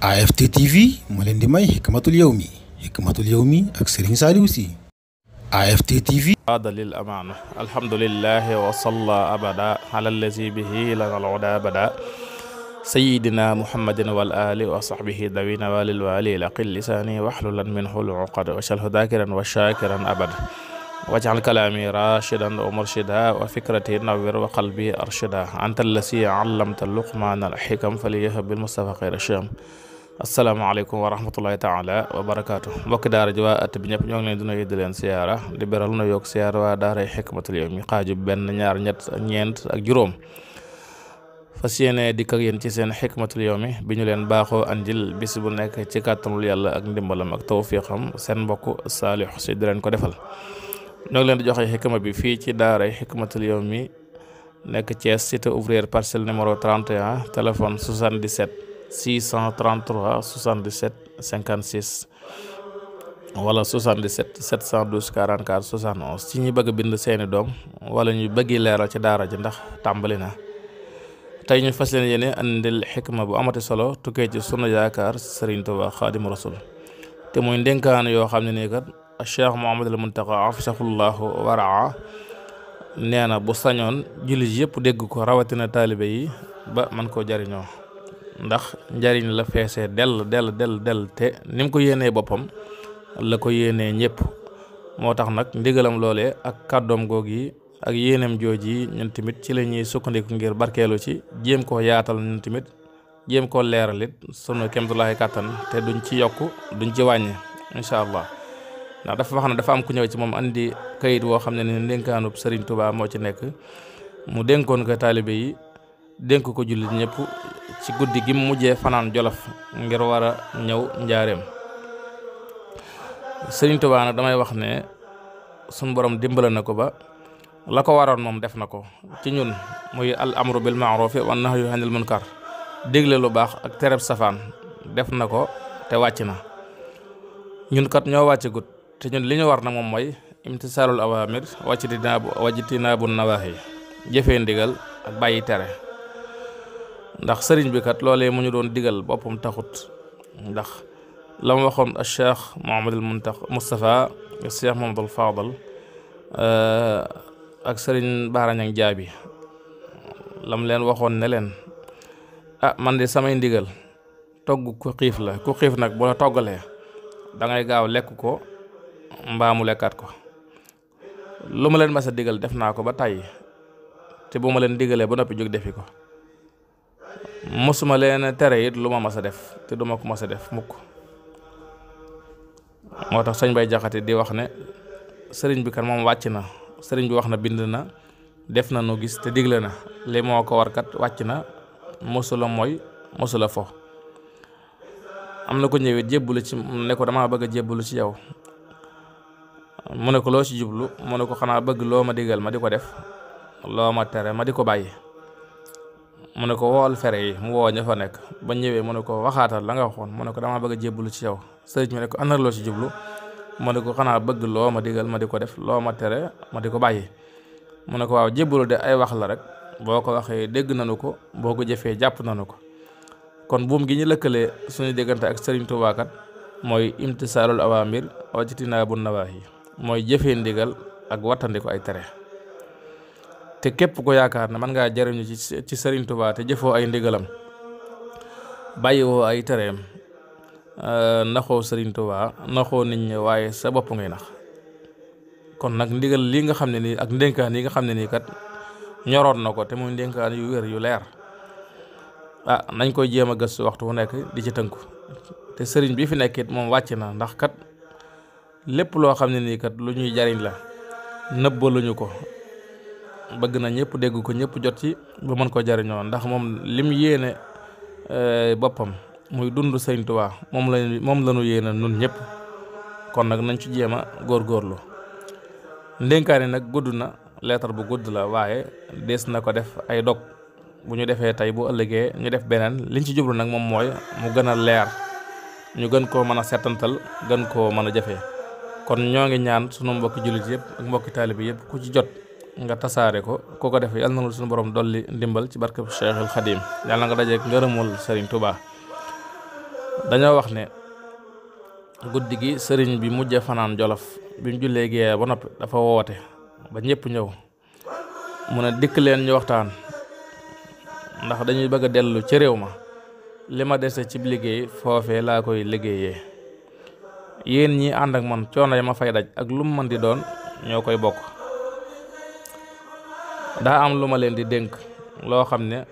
AFT TV moo leen di may xikmatul yawmi xikmatul yawmi ak Serigne Saliou Sy AFT TV aada lil amaana alhamdulillahi wa salla abada ala allazi bihi lana alhuda abada sayidina muhammadin wal ali wa sahbihi dawina walil wali laqil lisani waxlulan minhu luqad wacalhu dakiran wa shakiran abada wajal kalaami rashidan wa murshida wa fikrati nawir wa qalbi arshida anta allasi allamta luqmaana alxikam faliyah bilmustafa xayra sham asalaamaaleykum wa rahmatullahi taala wa barakaatu mbokki daara ji waa at bi ñëpp ñoo ngi leen di nuyu di leen siyaara di beral na yokk siyaara waa daaray xikmatul yawmi xaaju benn ñaar ñett ñeent ak juróom fas yéene dikk ak yéen ci seen xikmatul yawmi bi ñu leen baaxoo andil bis bu nekk ci kàttanul yàlla ak ndimbalam ak tawfiqam seen mbokk saalix si di leen ko defal ñoo ngi leen di joxe xikma bi fii ci daaray xikmatul yawmi nekk Thiès cité ouvrière parcelle numéro 31 téléphone 77 633 77 56 wala 77 712 44 71 ci ñi bëgg a bind seeni doom wala ñu bëggi leeral ci daara ji ndax tàmbali na tey ñu fas leen yéene andil xikma bu amati solo tukkee ci sunu yaakaar Serigne Touba Xaadimu Rasul te muy ndénkaan yoo xam ne nii kat Cheikh Mouhamadul Muntaqa afisahullahu waraa nee na bu sañoon jullit yëpp dégg ko rawatina taalibe yi ba man koo jariñoo ndax njariñ la feesee dell dell dell dell te ni ko yéenee boppam la ko yéenee ñëpp moo tax nag ndigalam loole ak kàddoom goog yi ak yéenam jooj yi ñun tamit ci la ñuy sukkandiku ngir barkeelu ci jéem koo yaatal ñun tamit jéem koo leeralit sunu kemtulaay kàttan te duñ ci yokk duñ ci wàññi incha allah ndax dafa wax ne dafa am ku ñëw ci moom andi kayit woo xam ne ne ndénkaanub sëriñ tubaab moo ci nekk mu dénkoon ko taalibe yi dénk ko jullit ñëpp ci guddi gim mujjee fanaan jolof ngir war a ñëw njaareem sëriñ Tuubaa nag damay wax ne suñ borom dimbala na ko ba la ko waroon moom def na ko ci ñun muy al amru bil ma'ruf wa nahyu anil munkar dégle lu baax ak tereb safaan def na ko te wàcc na ñun kat ñoo wàccagut te ñun li ñu war na moom mooy imtisaalul awaamir wàcc di naa wàcc di naa bu nawaahi ndigal ak bàyyi tere ndax sëriñ bi kat loolee mu ñu doon digal boppam taxut ndax lam ma waxoon al cheikh Mouhamadul Muntax Moustapha ak cheikh Mouhamadul Fadal euh, ak sëriñ baarañang jaabi lam leen waxoon ne leen ah man de samay ndigal togg ku xiif la ku xiif nag boo la toggalee dangay gaaw lekk ko mbaa mu lekkaat ko lu ma leen mas a digal def naa ko ba tàyyi te bu ma leen digalee ba noppi jóg defi ko mosuma leen tere it lu ma mas a def te duma ko mas a def mukk moo tax sañ bay jaxate di wax ne sëriñ bi kan moom wàcc na sëriñ bi wax na bind na def na nu gis te digle na li moo ko warkat wàcc na mosula mooy mosula fo am na ko ñëwee jébbalu ci ne ko damaa bëgg a jébbalu ci yow mu ne ko loo ci jublu mu ne ko xanaa bëgg loo ma digal ma di ko def loo ma tere ma di ko bàyyi mu ne ko wool fere yi mu woo ña fa nekk ba ñëwee mu ne ko waxaatal la nga waxoon mu ne ko dama bëgg a jébbalu ci yow sëriñ bi ne ko ana loo ci jublu mu ne ko xanaa bëgg loo ma diggal ma di ko def loo ma tere ma di ko bàyyi mu ne ko waaw jébbalu de ay wax la rek boo ko waxee dégg nanu ko boo ko jëfee jàpp nanu ko kon buum gi ñu lëkkalee suñu déggante ak sëriñ Tuubaa kat mooy imtisaalul awaamir wajtinaabu yi mooy jëfee ndigal ak wattandiko ay tere te képp ko yaakaar ne mën ngaa jariñu ci ci Sëriñ Tuubaa te jëfoo ay ndigalam bàyyiwoo ay tereem euh, naxoo Sëriñ Tuubaa naxoo nit ñi waaye sa bopp ngay nax kon nag ndigal lii nga xam ne nii ak ndénkaan yi nga xam ne nii kat ñoroot na ko te muy ndénkaan yu wér yu leer ah nañ koy jéem a gëstu waxtu wu nekk di ci tënku te sëriñ bi fi nekk moom wàcc na ndax kat lépp loo xam ne nii kat lu ñuy jariñ la nëbbaluñu ko bëgg na ñëpp dégg ko ñëpp jot ci ba mën koo jariñoo ndax moom lim yéene eh, boppam muy dund Sëriñ Tuubaa moom lañu moom lañu yéene nun ñëpp kon nag nañ ci jéem a góorlu ndénkaane nag gudd na leetar bu gudd la waaye dees na ko def ay dog bu ñu defee tey bu ëllëgee ñu def beneen liñ ci jublu nag moom mooy mu gën a leer ñu gën koo mën a setantal gën koo mën a jafee kon ñoo ngi ñaan sunu mbokki jullit yëpp ak mbokki taalibe yëpp ku ci jot nga tasaare ko ku ko def yàlla na la suñu borom dolli ndimbal ci barkeb Cheikhul Xadim yàlla nga dajeek ngërëmul Serigne tubaa dañoo wax ne guddi gi sëriñ bi mujje fanaan jolof bi mu jullee gee ba noppi dafa woote ba ñëpp ñëw mu ne dikk leen ñu waxtaan ndax dañuy bëgg dellu ci réew ma li ma dese cib liggéey foofee laa koy liggéeyee yéen ñi ànd ak man coono yi ma fay daj ak lu mu mën di doon ñoo koy bokk daa am lu ma leen di dénk loo xam ne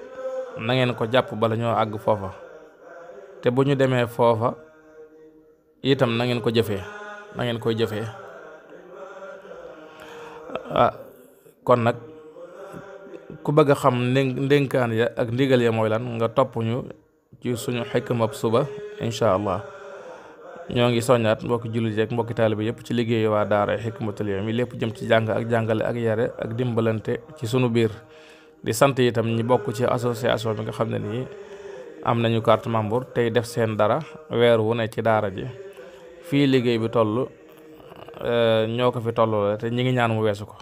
nangeen ko jàpp bala ñoo àgg foofa te bu ñu demee foofa itam na ngeen ko jëfee na ngeen koy jëfee ah kon nag ku bëgg a xam ndénkaan ya ak ndigal ya mooy lan nga topp ñu ci suñu xekk xikmab suba incha allah ñoo ngi soññaat mbokki jullit yi ak mbokki taaliba yëpp ci liggéeyu waa daara Hikmatul Yawmi lépp jëm ci jàng ak jàngale ak yare ak dimbalante ci sunu biir di sant itam ñi bokk ci association bi nga xam ne nii am nañu carte membre tey def seen dara weer wu ne ci daara ji fii liggéey bi toll eh, ñoo ko fi tolloo te ñi ngi ñaan mu weesu ko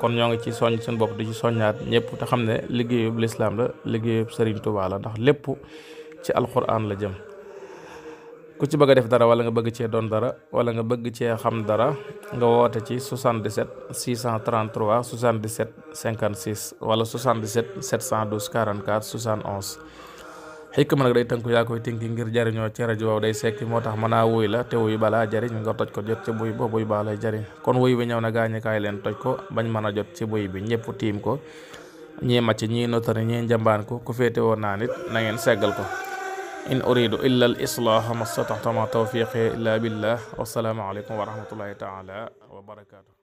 kon ñoo ngi ci soññ seen bopp di ci soññaat ñëpp te xam ne liggéeyub lislaam la liggéeyub Sëriñ Tuubaa la ndax lépp ci alxuraan la jëm ku ci bëgg a def dara wala nga bëgg cee doon dara wala nga bëgg cee xam dara nga woote ci 77 633 77 56 wala 77 712 44 71. xikma nag day tënku yaa koy tënki ngir jariñoo ci rajo waaw day sekki moo tax mën a wuy la te wuy balaa jariñ nga toj ko jot ci buy boobu yu baa lay jariñ kon wuy bi ñëw na gaañukaay leen toj ko bañ mën a jot ci buy bi ñëpp tiim ko ñii màcc ñii notari ñii njambaan ko féete woon naa nit na ngeen seggal ko in uridu illa al islaha ma stataxtama tawfiqi illa billah wassalaamu aleykum wa rahmatullahi taala wa barakatuh